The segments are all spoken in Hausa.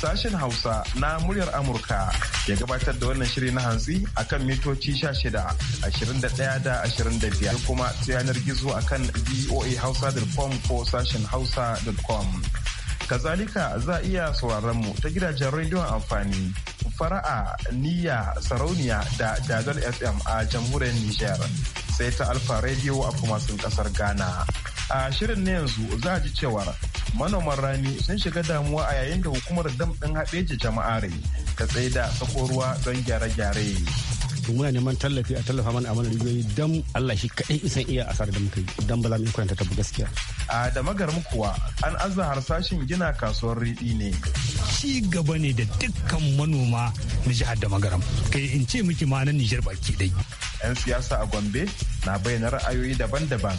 sashen Hausa na muryar Amurka ya gabatar da wannan shiri na hantsi akan mitoci 16, 21 da 25 kuma ta yanar gizo akan voahausa.com ko sashen hausa.com. Kazalika za a iya sauraron mu ta gidajen rediyon amfani fara'a niyya sarauniya da dadal fm a jamhuriyar Nijar sai ta alfa radio a kuma sun kasar Ghana. A shirin na yanzu za a ji cewar manoman rani sun shiga damuwa a yayin da hukumar dam ɗin haɗeji jama'are ta da sako ruwa don gyare-gyare. muna neman tallafi a tallafa mana amana mana dam Allah shi kaɗai isan iya asar da muka yi dan ba za mu yi kwanta ta gaskiya. A da magarmu kuwa an azza harsashin gina kasuwar riɗi ne. Ci gaba ne da dukkan manoma na jihar da magaram kai in ce miki ma na Nijar baki dai. 'Yan siyasa a Gombe na bayyana ra'ayoyi daban-daban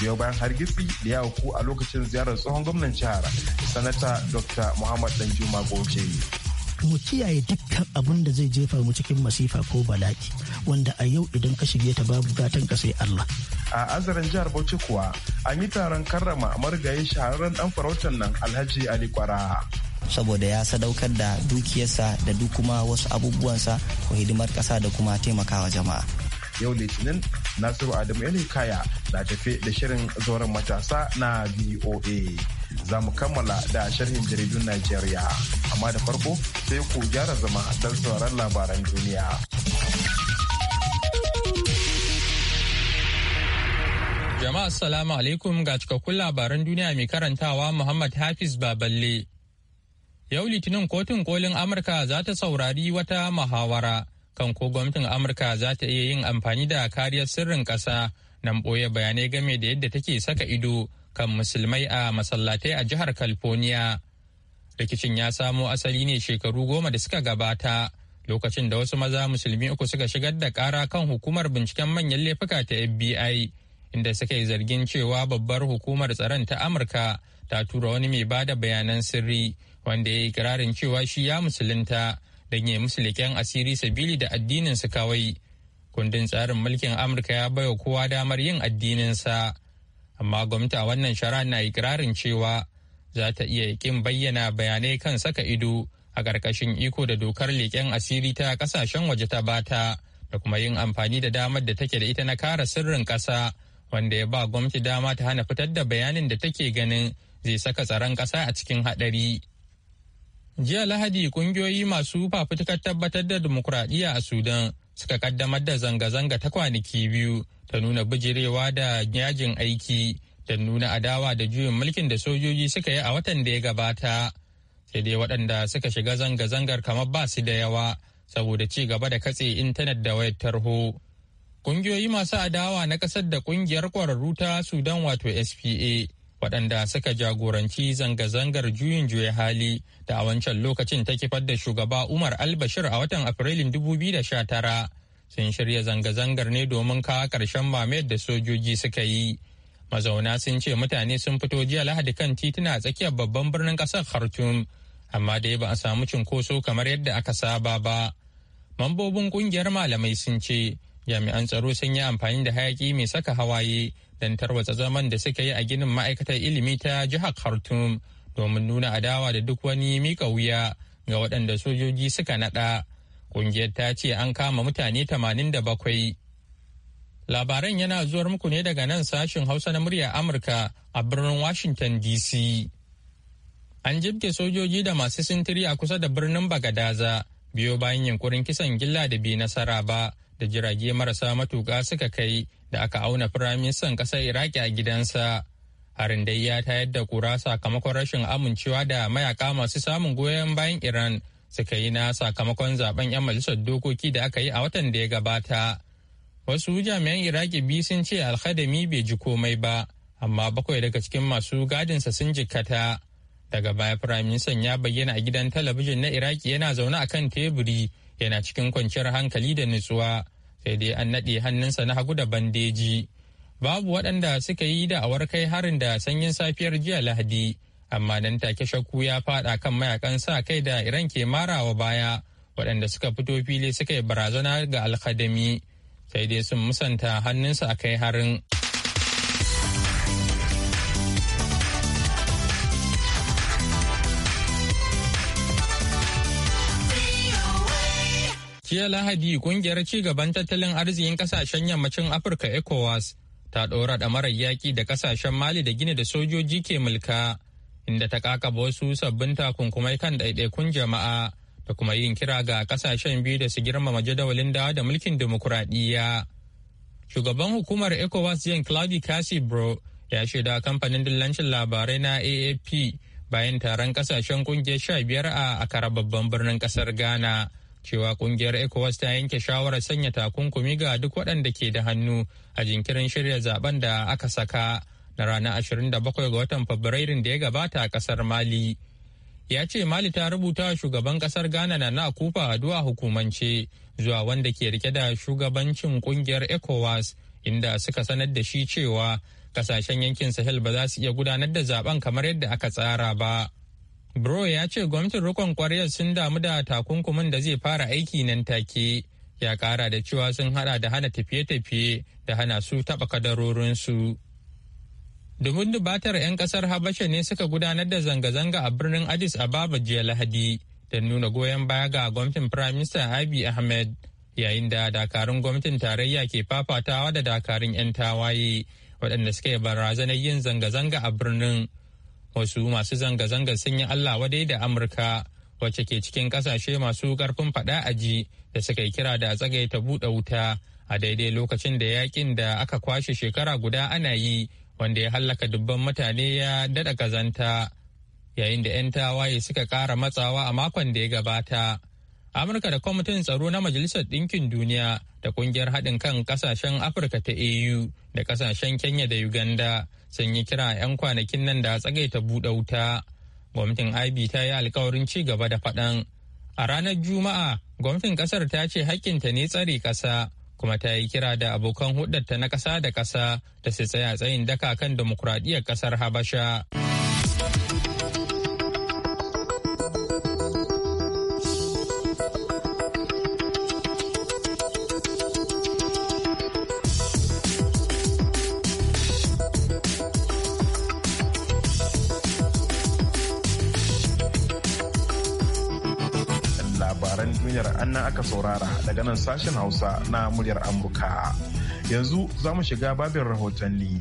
biyo bayan hargitsi da ya auku a lokacin ziyarar tsohon gwamnan jihar sanata dr muhammad danjuma goje mu kiyaye dukkan abin da zai jefa mu cikin masifa ko bala'i wanda a yau idan ka shige ta babu gatan ka sai Allah. A azarin jihar Bauchi kuwa an yi taron karrama marigayi shahararren dan farautar nan Alhaji Ali Kwara. Saboda ya sadaukar da dukiyarsa da duk kuma wasu abubuwansa ko hidimar kasa da kuma taimakawa jama'a. Yau Litinin Nasiru Adamu Yali Kaya na tafe da shirin zoren matasa na VOA. Za mu kammala da sharhin jaridun Najeriya. Amma da farko sai ku gyara zama don sauran labaran duniya. Jama'a salamu alaikum ga cikakkun labaran duniya mai karantawa Muhammad Hafiz Baballe. Yau Litinin Kotun Kolin Amurka za ta saurari wata muhawara kan ko gwamnatin amurka za ta iya yin amfani da kariyar sirrin ƙasa nan ɓoye bayanai game da yadda take saka ido kan musulmai a masallatai a jihar california rikicin ya samo asali ne shekaru goma da suka gabata lokacin da wasu maza musulmi uku suka shigar da kara kan hukumar binciken manyan laifuka ta fbi inda suka yi zargin cewa babbar hukumar tsaron ta amurka ta tura wani mai bada bayanan sirri wanda ya yi kirarin cewa shi ya musulunta don ya musu leƙen asiri sabili da addinin su kawai kundin tsarin mulkin amurka ya baiwa kowa damar yin addininsa amma gwamnati a wannan shara na ikirarin cewa za ta iya yakin bayyana bayanai kan saka ido a ƙarƙashin iko da dokar leƙen asiri ta ƙasashen waje ta bata da kuma yin amfani da damar da take da ita na kara sirrin ƙasa wanda ya ba gwamnati dama ta hana fitar da bayanin da take ganin zai saka tsaron ƙasa a cikin haɗari. Jiya Lahadi kungiyoyi masu fafutukar tabbatar da dimokuraɗiyya a Sudan suka kaddamar da zanga-zanga ta kwanaki biyu ta nuna bijirewa da yajin aiki da nuna adawa da juyin mulkin da sojoji suka yi a watan da ya gabata. Sai dai waɗanda suka shiga zanga-zangar kamar ba su da yawa saboda ci gaba da katse intanet da wayar tarho. Kungiyoyi masu adawa na ƙasar da ƙungiyar ƙwararru ta Sudan wato SPA waɗanda suka jagoranci zanga-zangar juyin juya hali da a wancan lokacin ta kifar da shugaba Umar Albashir a watan Afrilun 2019 sun shirya zanga-zangar ne domin kawo ƙarshen mamayar da sojoji suka yi. Mazauna sun ce mutane sun fito jiya Lahadi kan tituna a tsakiyar babban birnin ƙasar Khartoum, amma dai ba a samu cinkoso kamar yadda aka saba ba. Mambobin ƙungiyar malamai sun ce jami'an tsaro sun yi amfani da hayaki mai saka hawaye don tarwatsa zaman da suka yi a ginin ma'aikatar ilimi ta jihar khartoum domin nuna adawa da duk wani mika wuya ga waɗanda sojoji suka naɗa ƙungiyar ta ce an kama mutane 87 labaran yana zuwar muku ne daga nan sashen hausa na murya amurka a birnin washington dc an jibge sojoji da masu sintiri a kusa da birnin bagadaza biyo bayan yunkurin kisan gilla da bi nasara ba da jirage marasa matuƙa suka kai da aka auna firaministan ƙasar iraki a gidansa harin dai ya tayar da kura sakamakon rashin amincewa da mayaka masu samun goyon bayan iran suka yi na sakamakon zaben 'yan majalisar dokoki da aka yi a watan da ya gabata wasu jami'an iraki biyu sun ce alhadami bai ji komai ba amma bakwai daga cikin masu gadinsa sun jikkata daga baya firaministan ya bayyana a gidan talabijin na iraki yana zaune a kan teburi yana cikin kwanciyar hankali da nutsuwa sai dai an naɗe hannunsa na hagu da bandeji babu waɗanda suka yi da awar kai harin da sanyin safiyar jiya lahadi amma nan take shakku ya faɗa kan mayakan sa kai da iran ke marawa baya waɗanda suka fito fili suka yi barazana ga alkadami sai dai sun musanta hannunsa a kai harin. Jiya Lahadi kungiyar gaban tattalin arzikin kasashen yammacin Afirka ECOWAS ta ɗora marar yaƙi da kasashen Mali da Gini da sojoji ke mulka, inda ta kakaba wasu sabbin takunkumai kan ɗaiɗaikun jama'a da kuma yin kira ga kasashen biyu da su girmama jadawalin dawa da mulkin dimokuraɗiyya. Shugaban hukumar ECOWAS Jean Claude Casibro ya shaida kamfanin dillancin labarai na AAP bayan taron kasashen kungiyar sha biyar a akara babban birnin kasar Ghana. cewa kungiyar ecowas ta yanke shawarar sanya takunkumi ga duk waɗanda ke da hannu a jinkirin shirya zaben da aka saka na ranar 27 ga watan fabrairun da ya gabata a ƙasar mali ya ce mali ta rubuta shugaban ƙasar ghana na na kufa addu'a hukumance zuwa wanda ke rike da shugabancin kungiyar ecowas inda suka sanar da shi cewa kasashen yankin sahel ba za su iya gudanar da zaben kamar yadda aka tsara ba. Bro ya ce gwamnatin rukun kwaryar sun damu da takunkumin da zai fara aiki nan take. Ya kara da cewa sun hada da hana tafiye-tafiye da hana su taba kadarorinsu. Domin dubatar 'yan kasar Habasha ne suka gudanar da zanga-zanga a birnin Addis Ababa jiya Lahadi da nuna goyon baya ga gwamnatin Prime Minister Abiy Ahmed yayin da dakarun gwamnatin tarayya ke fafatawa da dakarun 'yan tawaye waɗanda suka yi barazanar yin zanga-zanga a birnin. wasu masu zanga zanga sun yi allah wadai da amurka wacce ke cikin kasashe masu karfin faɗa aji da suka yi kira da tsagaita buɗe wuta a daidai lokacin da yakin da aka kwashe shekara guda ana yi wanda ya hallaka dubban mutane ya daɗa kazanta yayin da 'yan tawaye suka ƙara matsawa a makon da ya gabata amurka da kwamitin tsaro na majalisar ɗinkin duniya da kungiyar haɗin kan ƙasashen afirka ta au da ƙasashen kenya da uganda sun yi kira 'yan kwanakin nan da tsagaita buɗe wuta gwamnatin ib ta yi alkawarin ci gaba da faɗan a ranar juma'a gwamnatin ƙasar ta ce hakkinta ne tsare ƙasa kuma ta yi kira da abokan hudarta na ƙasa da ƙasa da su tsaya tsayin daka kan dimokuraɗiyyar ƙasar habasha. duniyar annan aka saurara daga nan sashen hausa na muryar amurka yanzu za mu shiga babin rahotanni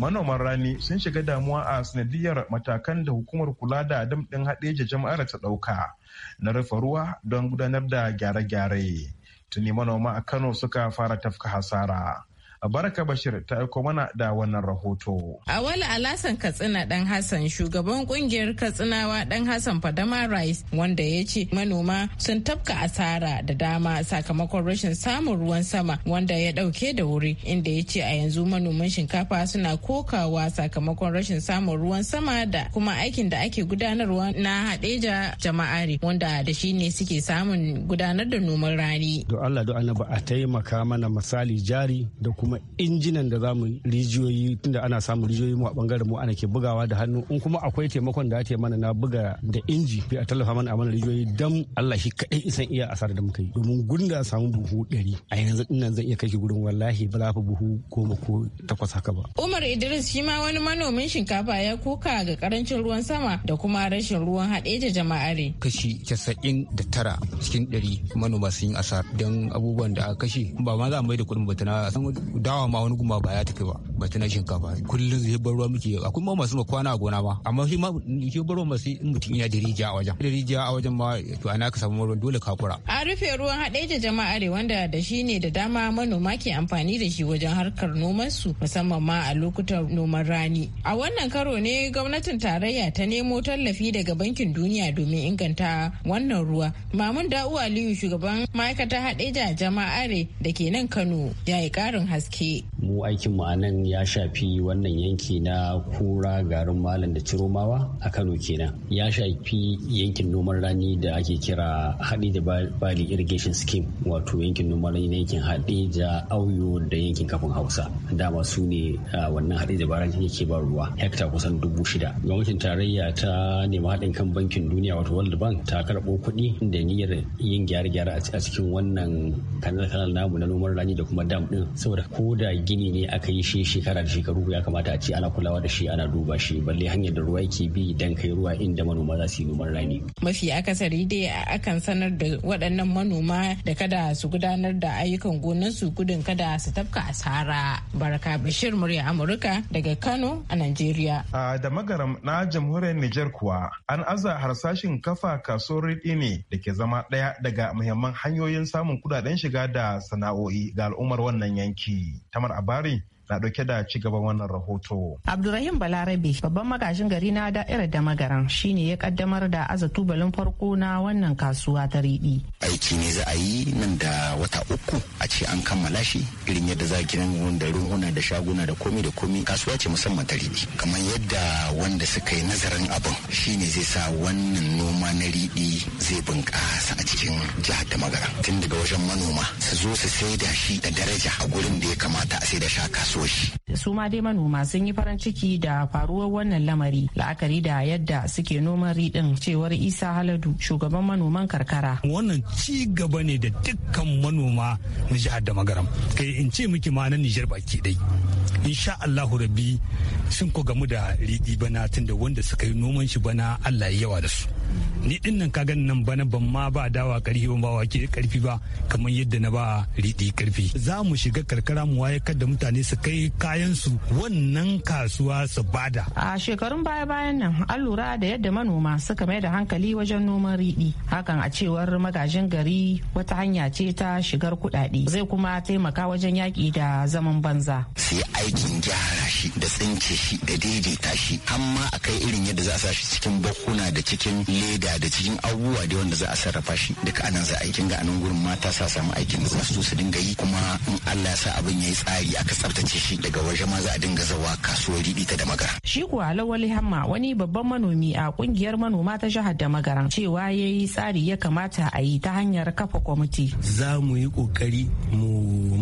manoman rani sun shiga damuwa a sanadiyar matakan da hukumar kula da haɗe haɗeja jama'ar ta ɗauka na rufe ruwa don gudanar da gyare-gyare tuni manoma a kano suka fara tafka hasara Baraka Bashir ta aiko mana da wannan rahoto. A Awal Alasan Katsina Ɗan Hassan shugaban kungiyar Katsinawa Dan Hassan Fadama Rice wanda ya ce manoma sun tafka asara da dama sakamakon rashin samun ruwan sama wanda ya ɗauke da wuri inda ya ce a yanzu manoman shinkafa suna kokawa sakamakon rashin samun ruwan sama da kuma aikin da ake gudanarwa na da jama'ari wanda da shi ne suke samun gudanar da noman rani. Do Allah do Allah ba a taimaka mana misali jari da kuma kuma injinan da zamu rijiyoyi tunda ana samun rijiyoyi mu a bangaren mu ana ke bugawa da hannu in kuma akwai taimakon da ake mana na buga da inji bi a tallafa mana a mana rijiyoyi dan Allah shi kadai isan iya asar da muka yi domin gurin da samu buhu ɗari a yanzu nan zan iya kai gurin wallahi ba za buhu goma ko takwas haka ba. Umar Idris shi ma wani manomin shinkafa ya kuka ga karancin ruwan sama da kuma rashin ruwan haɗe da jama'are. Kashi casa'in da tara cikin ɗari manoma sun yi asar don abubuwan da aka kashe ba ma za a mai da kuɗin ba tana dawa ma wani guma ba ya tafi ba ba ta shinkafa kullum zai bar ruwa muke akwai ma masu kwana a gona ba amma shi ma shi bar ruwa in mutum ya da a wajen dirija a wajen ma to ana ka samu ruwan dole ka kura a rufe ruwan haɗeja jama'a ne wanda da shi ne da dama manoma ke amfani da shi wajen harkar noman su musamman ma a lokutan noman rani a wannan karo ne gwamnatin tarayya ta nemo tallafi daga bankin duniya domin inganta wannan ruwa mamun da'u aliyu shugaban ma'aikatar haɗeja jama'are da ke nan kano ya yi ƙarin haske gaske. Mu aikin mu anan ya shafi wannan yanki na kura garin malam da ciromawa a Kano kenan. Ya shafi yankin noman rani da ake kira haɗi da bali irrigation scheme wato yankin noman rani na yankin haɗi da auyo da yankin kafin hausa. Dama su ne wannan haɗi da baran yake ba ruwa hekta kusan dubu shida. Gwamnatin tarayya ta nema haɗin kan bankin duniya wato World Bank ta karɓo kuɗi da niyyar yin gyare-gyare a cikin wannan kanal-kanal namu na noman rani da kuma dam ɗin saboda ko da gini ne aka yi shi shekara da shekaru ya kamata a ce ana kulawa da shi ana duba shi balle hanyar da ruwa yake bi dan kai ruwa inda manoma za su yi noman rani. Mafi akasari dai akan sanar da waɗannan manoma da kada su gudanar da ayyukan gonarsu gudun kada su tafka asara. Baraka Bashir murya Amurka daga Kano a nigeria. A da magaram na jamhuriyar niger kuwa an aza harsashin kafa kasuwar riɗi ne da ke zama ɗaya daga muhimman hanyoyin samun kudaden shiga da sana'o'i ga al'ummar wannan yanki. Abari. Tamar Abari na dauke da ci gaban wannan rahoto. Abdurrahim Balarabe babban magajin gari na da'irar da magaran shine ya kaddamar da aza tubalin farko na wannan kasuwa ta riɗi. Aiki ne za a yi nan da wata uku a ce an kammala shi irin yadda za gidan da ruhuna da shaguna da komi da komi kasuwa ce musamman ta riɗi. Kamar yadda wanda suka yi nazarin abin shine zai sa wannan noma na riɗi zai bunƙasa a cikin jihar da magaran. Tun daga wajen manoma su zo su saida shi da daraja a gurin da ya kamata a saida shi a kasuwa. so shi. Su ma dai manoma sun yi farin ciki da faruwar wannan lamari la'akari da yadda suke noman riɗin cewar Isa Haladu shugaban manoman karkara. Wannan ci gaba ne da dukkan manoma na jihar da magaram. Kai in ce miki ma na Nijar baki dai. Insha Allahu Rabbi sun ko gamu da riɗi bana tunda wanda suka yi noman shi bana Allah ya yawa da su. ni din nan ka ganin nan bana ban ma ba dawa karfi ban ba wake karfi ba kamar yadda na ba riɗi karfi za mu shiga karkara mu waye kada mutane su kai kayan su wannan kasuwa su bada a shekarun baya bayan nan an lura da yadda manoma suka mai da hankali wajen noman riɗi hakan a cewar magajin gari wata hanya ce ta shigar kuɗaɗe zai kuma taimaka wajen yaƙi da zaman banza sai aikin gyara shi da tsince shi da daidaita shi amma akai irin yadda za a shi cikin bakuna da cikin leda da cikin abubuwa da wanda za a sarrafa shi duka anan za a aikin ga anan gurin mata sa samu aikin da za su su dinga yi kuma in Allah ya sa abin ya yi tsari aka tsaftace shi daga waje ma za a dinga zawa kasuwar ta da magara. Shi ko Hamma wani babban manomi a kungiyar manoma ta jihar da magaran cewa yayi tsari ya kamata a yi ta hanyar kafa kwamiti. Za mu yi kokari mu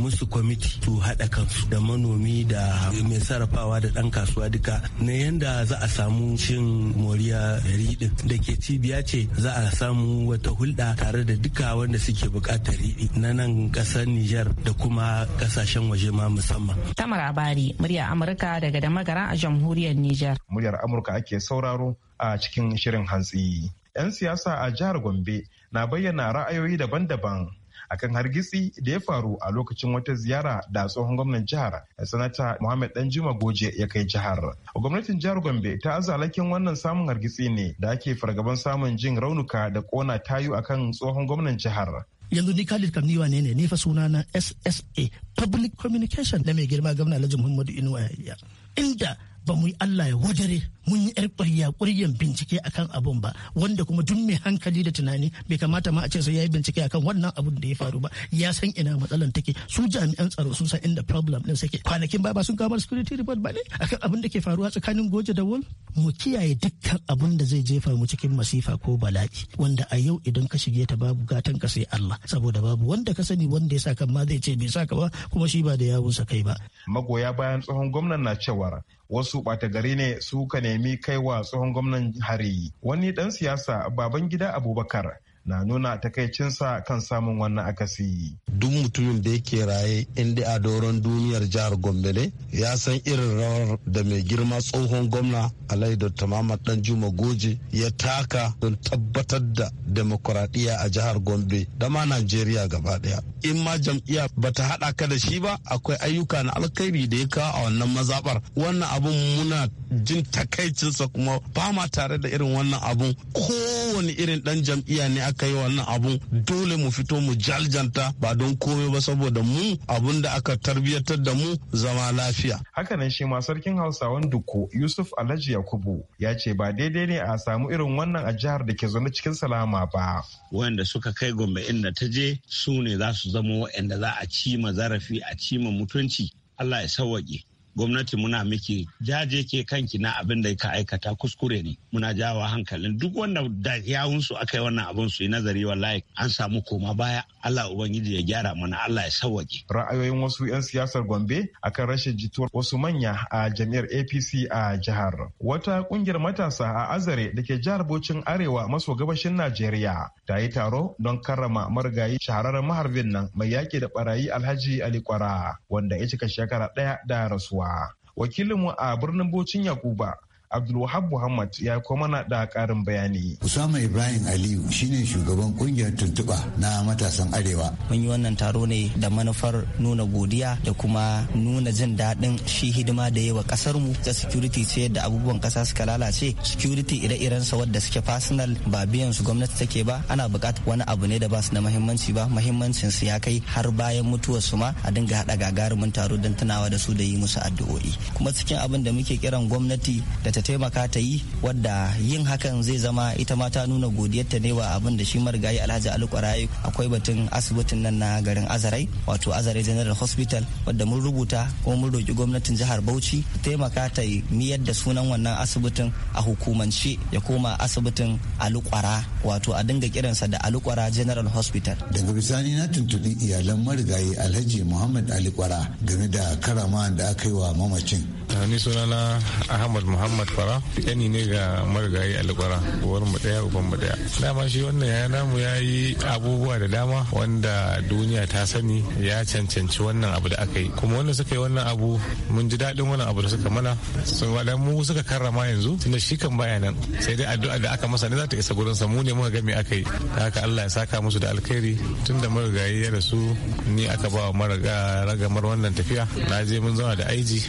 musu kwamiti su haɗa kansu da manomi da mai sarrafawa da dan kasuwa duka na yanda za a samu cin moriya riɗin da ke cibiya ce za a samu wata hulɗa tare da duka wanda suke buƙatar riɗi na nan ƙasar Nijar da kuma ƙasashen waje ma musamman. Tamar Abari, muryar Amurka daga da a jamhuriyar Nijar. Muryar Amurka ake sauraro a cikin shirin hantsi. 'Yan siyasa a jihar Gombe na bayyana ra'ayoyi daban-daban akan hargitsi da ya faru a lokacin wata ziyara da tsohon gwamnan jihar sanata muhammad danjuma goje ya kai jihar gwamnatin jihar gombe ta azalakin wannan samun hargitsi ne da ake fargaban samun jin raunuka da kona tayu akan tsohon gwamnan jihar yanzu ni Khalid Kamni ne ne nifa fa suna na SSA Public Communication na mai girma gwamna Alhaji Muhammadu Inuwa ya inda ba mu yi Allah ya wajare mun yi yar ƙwarya ƙwaryan bincike akan abun ba wanda kuma duk mai hankali da tunani bai kamata ma a ce sai ya yi bincike akan wannan abun da ya faru ba ya san ina matsalan take su jami'an tsaro sun san inda problem din suke kwanakin ba sun kawo security report ba ne akan abun da ke faruwa tsakanin goje da wol. mu kiyaye dukkan abun da zai jefa mu cikin masifa ko bala'i wanda a yau idan ka shige ta babu gatan ka sai Allah saboda babu wanda ka sani wanda ya saka ma zai ce bai saka ba kuma shi ba da yawunsa kai ba magoya bayan tsohon gwamnan na cewa wasu ɓata gari ne su ka ne nemi kaiwa tsohon gwamnan hari wani dan siyasa baban gida abubakar na nuna takaicinsa kan samun wannan akasi. Duk mutumin da yake raye inda a doron duniyar jihar Gombe ne ya san irin rawar da mai girma tsohon gwamna Alai Dr. Muhammad Danjuma Goje ya taka don tabbatar da demokuraɗiyya a jihar Gombe da ma Najeriya gaba ɗaya. In ma jam'iyya ta haɗa ka da shi ba akwai ayyuka na alkhairi da ya kawo a wannan mazaɓar. Wannan abun muna jin takaicinsa kuma ba ma tare da irin wannan abun kowane irin ɗan jam'iyya ne aka kai wannan abun dole mu fito mu jaljanta ba don komai ba saboda mu abun da aka tarbiyyatar da mu zama lafiya. Hakanan shi ma sarkin Hausawan Dukko Yusuf Alhaji Yakubu ya ce ba daidai ne a samu irin wannan a jihar da ke zaune cikin salama ba. Wanda suka kai Gombe inda ta je su ne za su zama waɗanda za a ci ma zarafi a ci ma mutunci Allah ya sawwaƙe. gwamnati muna miki jaje ke kanki na abin da ka aikata kuskure ne muna jawa hankalin duk wanda da yawunsu aka yi wannan abin su yi nazari wallahi an samu koma baya Allah Ubangiji ya gyara mana Allah ya sawwake. Ra'ayoyin wasu 'yan siyasar Gombe akan rashin jituwar wasu manya a jami'ar APC a jihar. Wata kungiyar matasa a Azare da ke jihar Bocin Arewa maso gabashin Najeriya ta yi taro don karrama marigayi shahararren maharbin nan mai yaƙi da ɓarayi Alhaji Ali Kwara wanda ya cika shekara ɗaya da rasuwa. Wakilinmu a birnin Bocin Yakuba Abdulwahab Muhammad ya kuma na da karin bayani. Usama Ibrahim Aliyu shine shugaban kungiyar tuntuɓa na matasan Arewa. Mun yi wannan taro ne da manufar nuna godiya da kuma nuna jin daɗin shi hidima da yawa ƙasar mu ta security ce da abubuwan ƙasa suka lalace. Security ire-iren sa wadda suke personal ba biyan su gwamnati take ba ana buƙatar wani abu ne da ba da muhimmanci ba muhimmancin su ya kai har bayan mutuwar su ma a dinga haɗa gagarumin taro don tunawa da su da yi musu addu'o'i. Kuma cikin abin da muke kiran gwamnati da ta taimaka ta yi wadda yin hakan zai zama ita ma ta nuna godiyarta ne wa abin da shi marigayi alhaji alukwaraye akwai batun asibitin nan na garin azarai wato azarai general hospital wadda mun rubuta kuma mun roki gwamnatin jihar bauchi taimaka ta yi miyar da sunan wannan asibitin a hukumance ya koma asibitin alukwara wato a dinga kiransa da alukwara general hospital daga bisani na tuntuɓi iyalan marigayi alhaji muhammad alukwara game da karama da aka yi wa mamacin Ah, ni sunana ahmad muhammad fara yani ne ga marigayi alƙwara uwar mu daya uban mu daya dama shi wannan ya namu ya yi abubuwa da dama wanda duniya ta sani ya cancanci wannan abu da aka yi kuma wanda suka yi wannan abu mun ji daɗin wannan abu da suka mana sun wada mu suka karrama yanzu tunda shi kan baya nan sai dai addu'a da aka masa ne za ta isa gurin sa mu ne muka ga me aka yi haka Allah ya saka musu da alkhairi tunda marigayi ya rasu ni aka ba wa maraga ragamar wannan tafiya na je mun zama da aiji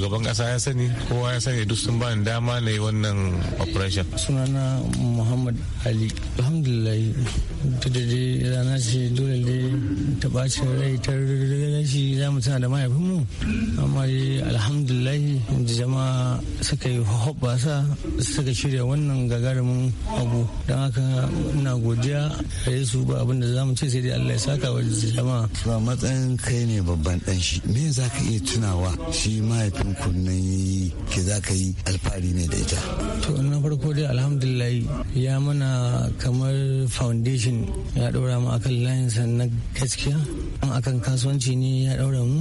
shugaban kasa ya sani kowa ya sani duk sun bani dama na yi wannan operation sunana muhammad ali alhamdulillah duk da dai rana ce dole da ta ɓacin rai ta shi za mu tana da mu amma dai alhamdulillah da jama'a suka yi hoɓɓasa suka shirya wannan gagarumin abu don haka ina godiya gare su ba abin da za mu ce sai dai allah ya saka wa jama'a matsayin kai ne babban dan shi me za ka iya tunawa shi mahaifin rukunin ke za ka yi alfahari ne da ita to na farko dai alhamdulillah ya mana kamar foundation ya ɗora mu akan layin na gaskiya akan kasuwanci ne ya ɗora mu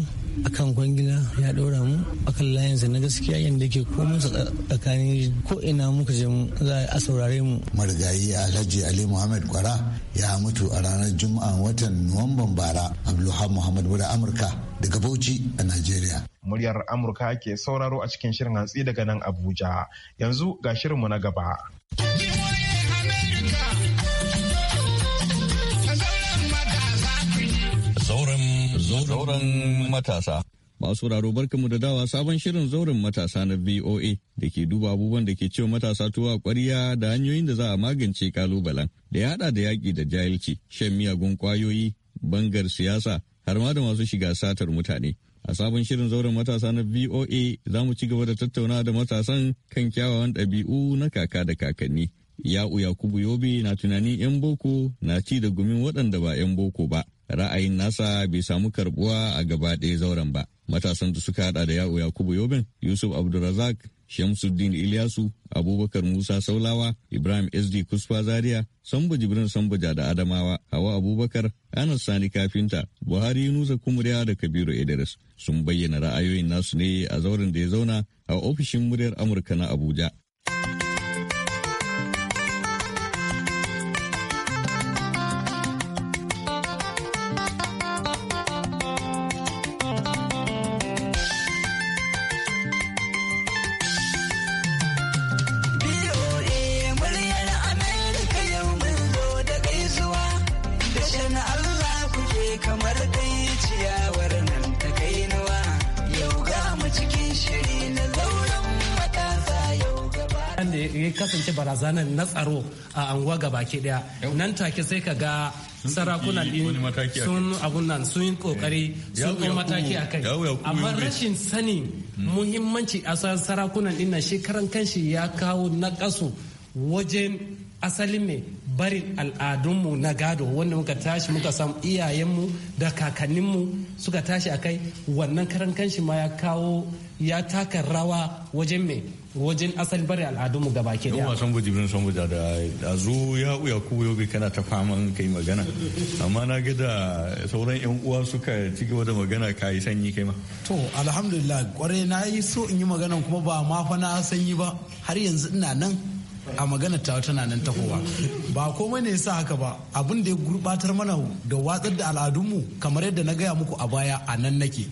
akan kwangila ya ɗora mu akan layinsa na gaskiya yadda ke komin tsakanin ko ina muka je mu za a saurare mu marigayi alhaji ali muhammad kwara ya mutu a ranar juma'a watan nuwamban bara abdulhamid muhammad wurin amurka daga bauchi a najeriya muryar Amurka ke sauraro a cikin shirin hatsi daga nan Abuja. Yanzu ga shirinmu na gaba. Zauren matasa. Masu raro barkamu da dawa sabon shirin zauren matasa na VOA da ke duba abubuwan da ke cewa matasa tuwa kwariya da hanyoyin da za a magance kalubalen da ya hada da yaƙi da jahilci, shan miyagun kwayoyi, bangar siyasa, har ma da masu shiga satar mutane. A sabon shirin zauren matasa na VOA za mu ci gaba da tattauna da matasan kan kyawawan ɗabi'u na kaka da kakanni. Ya'u Yakubu Yobe na tunanin 'yan boko na ci da gumin waɗanda ba 'yan boko ba. Ra'ayin nasa bai samu karbuwa a gaba ɗaya zauren ba. Matasan da suka haɗa da Ya'u Yakubu Yobin, Yusuf Abdulrazak Shamsuddin Ilyasu, Abubakar Musa Saulawa, Ibrahim SD Kusfa Zaria, Sambo Jibrin Sambaja da Adamawa, Hawa Abubakar, Anas Sani Kafinta, Buhari Yunusa Kumuriya da Kabiru Idris sun bayyana ra'ayoyin nasu ne a zauren da ya zauna a ofishin muryar Amurka na Abuja kasance barazanar na tsaro a anguwa baki daya nan take sai ka ga sarakunan din sun abun nan sun yi kokari eh. sun yi mataki a kai amma rashin sani hmm. muhimmanci a sarakunan din nan shekaran kanshi ya kawo na kasu wajen asalin mai barin al'adunmu na gado wanda muka tashi muka san iyayenmu da kakanninmu suka tashi akai wannan karan kanshi ma ya kawo ya taka rawa wajen mai wajen asali bari al'adunmu gaba ke da. Yawan son bujibirin son buja da a zo ya uya ku yobe kana ta faman kai magana. Amma na ga da sauran 'yan uwa suka ci gaba da magana ka yi sanyi kai ma. To alhamdulillah kwarai na yi so in yi magana kuma ba ma fa na sanyi ba har yanzu ina nan a magana ta tana nan tahowa ba komai ne yasa haka ba abin da ya gurbatar mana da watsar da al'adunmu kamar yadda na gaya muku a baya a nan nake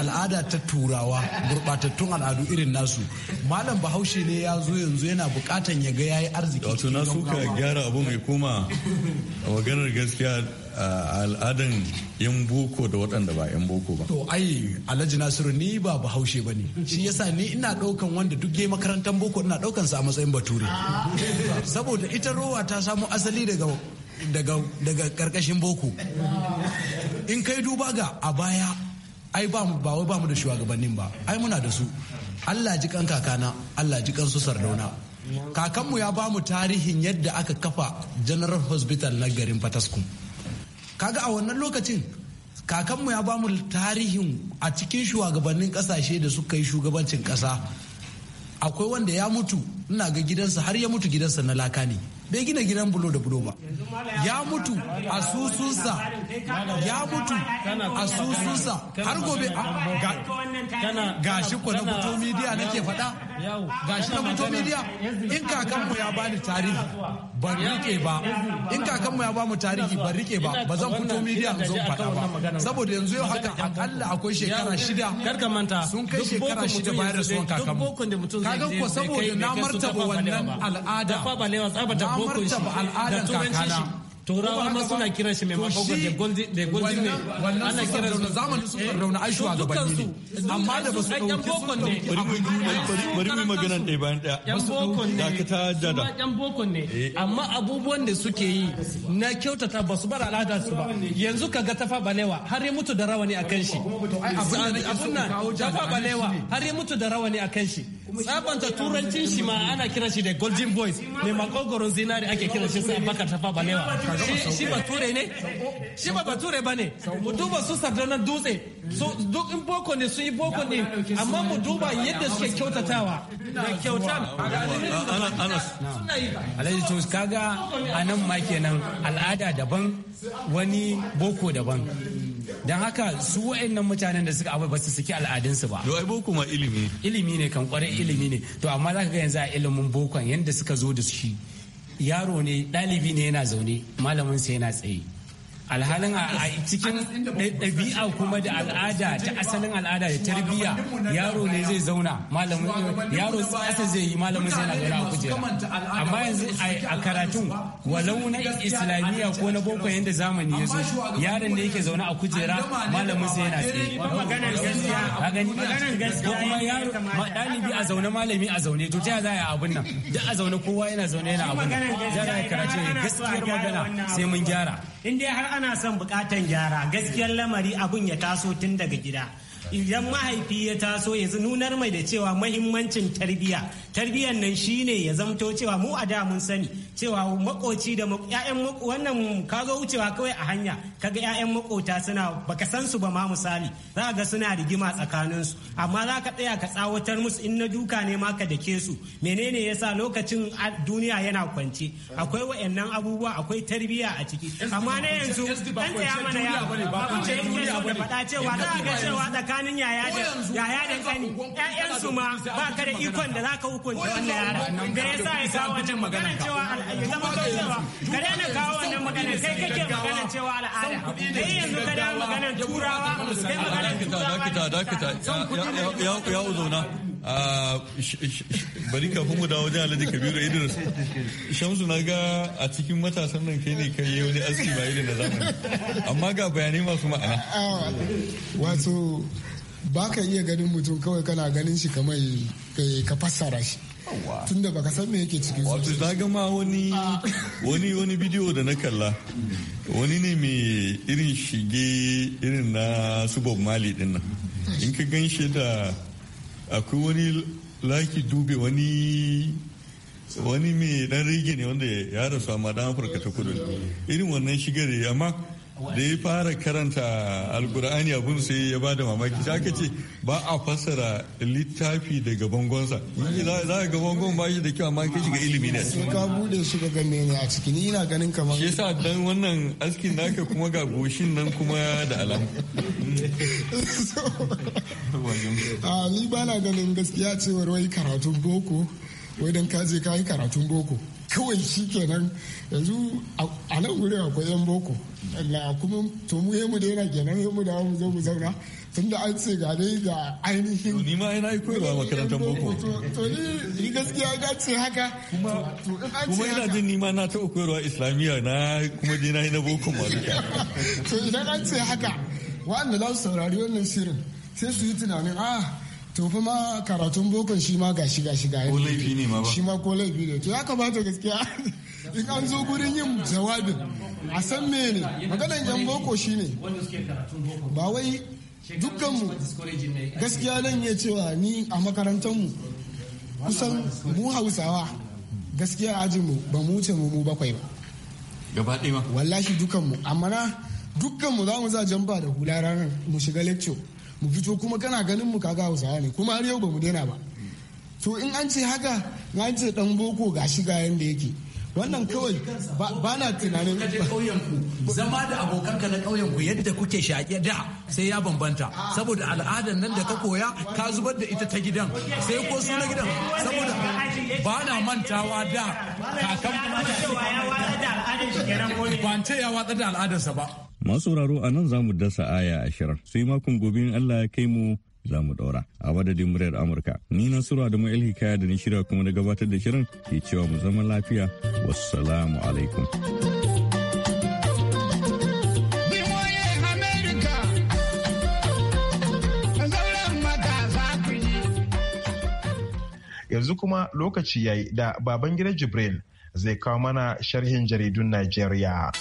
al'ada ta turawa gurbatattun al'adu irin nasu malam bahaushe ne ya zo yanzu yana bukatan ya ga yayi arziki wato na suka gyara abu mai koma maganar gaskiya al'adan yan boko da waɗanda ba yan boko ba. To ai Alhaji Nasiru ni ba bahaushe ba ne. Shi yasa ni ina ɗaukan wanda duk ya makarantar boko ina ɗaukan sa a matsayin bature. Saboda ita rowa ta samu asali daga daga daga karkashin boko. In kai duba ga a baya ai ba mu ba wai ba mu da shugabannin ba. Ai muna da su. Allah ji kan kakana, Allah ji kan su sardauna. Kakanmu ya ba mu tarihin yadda aka kafa General Hospital na garin Fataskum. kaga a wannan lokacin kakanmu ya bamu tarihin a cikin shugabannin kasashe da suka yi shugabancin kasa akwai wanda ya mutu ina ga gidansa har ya mutu gidansa na laka ne bai gina gidan bulo da bulo ba ya mutu a susunsa ya mutu a susunsa har gobe ga shi ko na buto midiya nake faɗa ga shi na buto midiya in kakanmu ya bani tarihi ban rike ba in kakanmu ya bamu tarihi ban rike ba ba zan buto midiya in zo faɗa ba saboda yanzu yau haka akalla akwai shekara shida sun kai shekara shida bayan rasuwan kakanmu kakan ko saboda na martaba wannan al'ada martaba al'adar kakana turawa ma suna kiran shi mai mako da golden ne ana kiran su zamanin su eh, rauna ai shuwa gaban ne amma da ba su dauke su dauke abin bari mu magana ɗaya bayan ɗaya yan bokon ne ta jada yan bokon ne eh. amma abubuwan da suke yi na kyautata ba su bar al'ada su ba yanzu ka ga tafa balewa har yi mutu da rawani akan shi abun nan tafa balewa har yi mutu da rawani akan shi sabanta turancin shi ma ana kiran shi da golden boys ne makogoron zinari ake kiran shi sai abakar tafa balewa shi bature ne shi ba bature bane mu duba su sardanar dutse duk in boko ne sun yi boko ne amma mu duba yadda suke kyautatawa da kyauta alhaji to kaga a nan ma kenan al'ada daban wani boko daban don haka su wa'annan mutanen da suka abai ba su saki al'adunsu ba. Yau boko ma ilimi. Ilimi ne kan kwarai ilimi ne. To amma za ka ga yanzu a ilimin bokon yadda suka zo da shi. yaro ne ɗalibi ne yana zaune malamin sa yana tsaye alhalin a cikin ɗabi'a kuma da al'ada ta asalin al'ada da tarbiyya yaro ne zai zauna malamin yaro tsasa zai yi malamin zai na a kujera amma yanzu a karatun walau na islamiyya ko na boko yadda zamani ya zo yaron da yake zaune a kujera malamin zai na tsaye maganar gaskiya ko kuma yaro ɗalibi a zaune malami a zaune to ta za a yi abin nan duk a zaune kowa yana zaune yana abin nan karatu gaskiyar magana sai mun gyara in dai har ana son bukatan gyara gaskiyar lamari abun ya taso tun daga gida idan mahaifi ya taso ya nunar mai da cewa mahimmancin tarbiyya tarbiyyar nan shine ya zamto cewa mu a da mun sani cewa makoci da ƴaƴan wannan kaga wucewa kawai a hanya kaga ƴaƴan makota suna baka san su ba ma misali za ga suna rigima tsakanin su amma za ka tsaya ka tsawatar musu in na duka ne ma ka dake su menene yasa lokacin duniya yana kwance akwai wayannan abubuwa akwai tarbiyya a ciki amma na yanzu an tsaya mana ya ba ku ce faɗa cewa za ga cewa tsakanin tsakanin yaya da yaya da kani ƴaƴan su ma ba ka da ikon da zaka hukunta wannan yara da ya sa ya kawo wannan magana cewa ya zama kai cewa ka daina kawo wannan magana kai kake magana cewa al'ada kai yanzu ka dawo maganar turawa kai maganar turawa da da ya ya ya uzo na. bari kafin mu dawo wajen alhaji kabiru idris shamsu na ga a cikin matasan nan kai ne kai yi wani aski ba irin na zamani amma ga bayanai masu ma'ana wato ba ka iya ganin mutum kawai kana ganin shi kamar ka fassara shi tun da baka san me yake cikin wato na ga ma wani wani wani bidiyo da na kalla wani ne mai irin shige irin na su bob mali din nan in ka gan shi da akwai wani laki dube wani wani mai dan rige ne wanda ya rasu amma dan afirka ta kudu irin wannan shigar amma da ya fara karanta alkur'ani abun sai ya ba da mamaki sai aka ce ba a fassara littafi daga bangonsa yi za a ga bangon ba shi da kyau amma kai shiga ilimi ne sun ka bude su ga gane ne a cikin ni ina ganin kamar shi yasa dan wannan askin naka kuma ga goshin nan kuma da a ah, ni ba na ganin gaskiya cewar wai karatun boko wai dan kaje ka yi karatun boko kawai shi kenan yanzu a nan wurin akwai yan boko na kuma to mu mu daina yana kenan mu da mu zo mu zauna da an ce ga dai ga ainihin ni ma ina yi koyarwa makarantar boko to ni gaskiya ga ce haka kuma kuma ina jin ni ma na taɓa koyarwa islamiyya na kuma je na yi na boko ma duka to idan an ce haka wa'anda za su saurari wannan shirin sai su yi tunanin ah to fa ma karatun bokon shi ma gashi gashi ga ko laifi ne ma ba shi ma ko laifi ne to ya kamata gaskiya in an zo gurin yin jawabin a san mene maganan yan boko shi ne. ba wai dukkanmu gaskiya nan ya cewa ni a makarantar mu kusan mu hausawa gaskiya ajinmu ba mu wuce mu bakwai ba gaba ɗaya wallahi dukkanmu amma na dukkanmu za mu za jamba da hula ranar mu shiga lecture mu fito kuma kana ganin mu kaga hausawa ne kuma har yau ba mu daina ba to in an ce haka na ce dan boko gashi ga yanda yake wannan kawai ba na tunanin zama da abokanka na ƙauyen ku yadda kuke shaƙe da sai ya bambanta saboda al'adar nan da ka koya ka zubar da ita ta gidan sai ko su na gidan saboda ba na mantawa da kakan ban ce ya watsar da al'adarsa ba masu sauraro a nan za mu dasa aya ashirin sai makon gobe in Allah ya kai mu za mu daura a madadin muryar amurka ni na sura da ilhi kaya da ni shirya kuma na gabatar da shirin ke cewa mu zama lafiya wassalamu alaikum yanzu kuma lokaci yayi da baban gida jibril zai kawo mana sharhin jaridun najeriya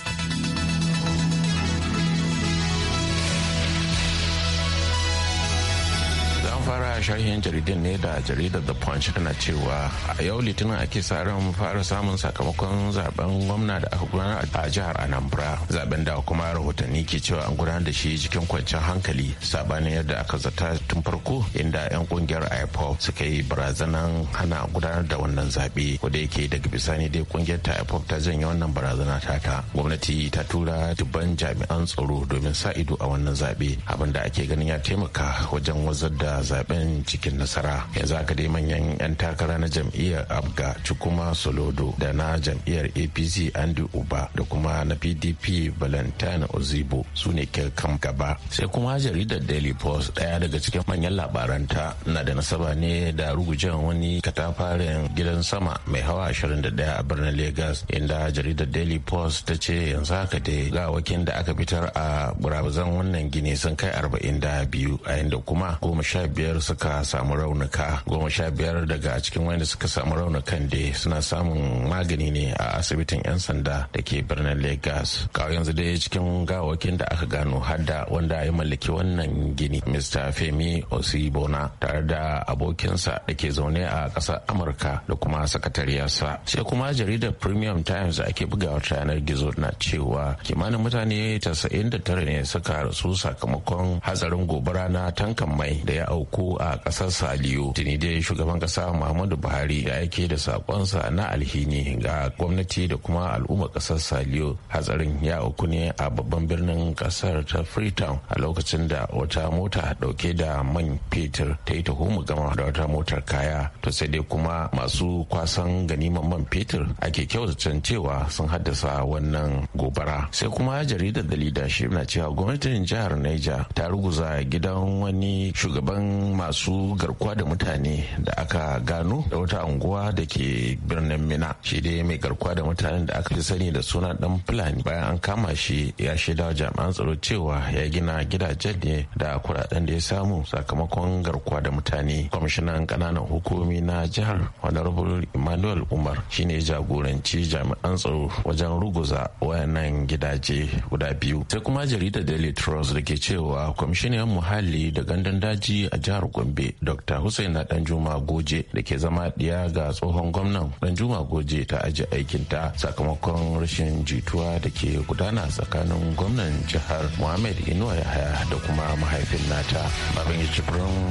wani shahin ne da jaridar da punch tana cewa a yau litinin ake sa ran fara samun sakamakon zaben gwamna da aka gudanar a jihar anambra zaben da kuma rahotanni ke cewa an gudanar da shi cikin kwanciyar hankali sabanin yadda aka zata tun farko inda 'yan kungiyar ipop suka yi barazanan hana gudanar da wannan zabe ko da yake daga bisani dai kungiyar ta ipop ta janye wannan barazana ta ta gwamnati ta tura dubban jami'an tsaro domin sa ido a wannan zabe abin da ake ganin ya taimaka wajen wazar da zaben zaben cikin nasara yanzu aka dai manyan 'yan takara na jam'iyyar abga cikuma solodo da na jam'iyyar apc andy uba da kuma na pdp valentine ozibo su ne ke kan gaba sai kuma jaridar daily post daya daga cikin manyan labaranta na da nasaba ne da rugujen wani katafaren gidan sama mai hawa 21 a birnin Legas. inda jaridar daily post ta ce yanzu haka dai gawakin da aka fitar a burabuzan wannan gini sun kai 42 a yanda kuma goma sha biyar suka samu raunuka goma sha biyar daga cikin wanda suka samu raunukan da suna samun magani ne a asibitin 'yan sanda da ke birnin lagos kawo yanzu dai cikin gawakin da aka gano hadda wanda ya mallaki wannan gini mr femi osibona tare da abokinsa da ke zaune a ƙasar amurka da kuma sakatariyarsa sai kuma jaridar premium times ake buga wata yanar gizo na cewa kimanin mutane da tara ne suka rasu sakamakon hatsarin gobara na tankan mai da ya auku a a kasar saliyo tuni shugaban kasa muhammadu buhari ya aike da sakonsa na alhini ga gwamnati da kuma al'ummar kasar saliyo hatsarin ya uku ne a babban birnin kasar ta freetown a lokacin da wata mota dauke da man fetur ta yi tuhumu gama da wata motar kaya to sai dai kuma masu kwasan ganiman man fetur ake kyautata cewa sun haddasa wannan gobara sai kuma jaridar da leadership na cewa gwamnatin jihar niger ta ruguza gidan wani shugaban masu masu garkuwa da mutane da aka gano da wata unguwa da ke birnin mina shi dai mai garkuwa da mutanen da aka fi sani da suna dan fulani bayan an kama shi ya shaida jami'an tsaro cewa ya gina gidajen ne da kuɗaɗen da ya samu sakamakon garkuwa da mutane kwamishinan kananan hukumi na jihar honorable emmanuel umar shine jagoranci jami'an tsaro wajen ruguza wayannan gidaje guda biyu sai kuma jaridar daily trust da ke cewa kwamishinan muhalli da gandun daji a jihar gwamnati. gombe dr hussein na danjuma goje da ke zama ɗiya ga tsohon gwamnan danjuma goje ta aji aikinta sakamakon rashin jituwa da ke gudana tsakanin gwamnan jihar Mohammed inuwa yahaya da kuma mahaifin nata babin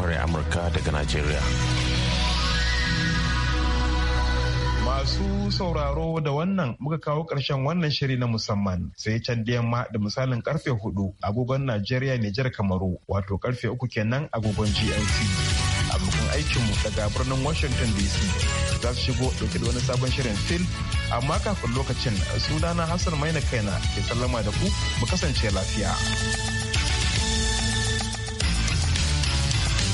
rai amurka daga najeriya Masu sauraro da wannan muka kawo ƙarshen wannan shiri na musamman sai can da yamma da misalin karfe hudu agogon Najeriya Nijar Kamaru wato karfe uku kenan agogon GMT. Abokan aikinmu daga birnin Washington DC za su shigo dauke da wani sabon shirin fil amma kafin lokacin sunana Hassan Maina kaina ke sallama da ku mu kasance lafiya.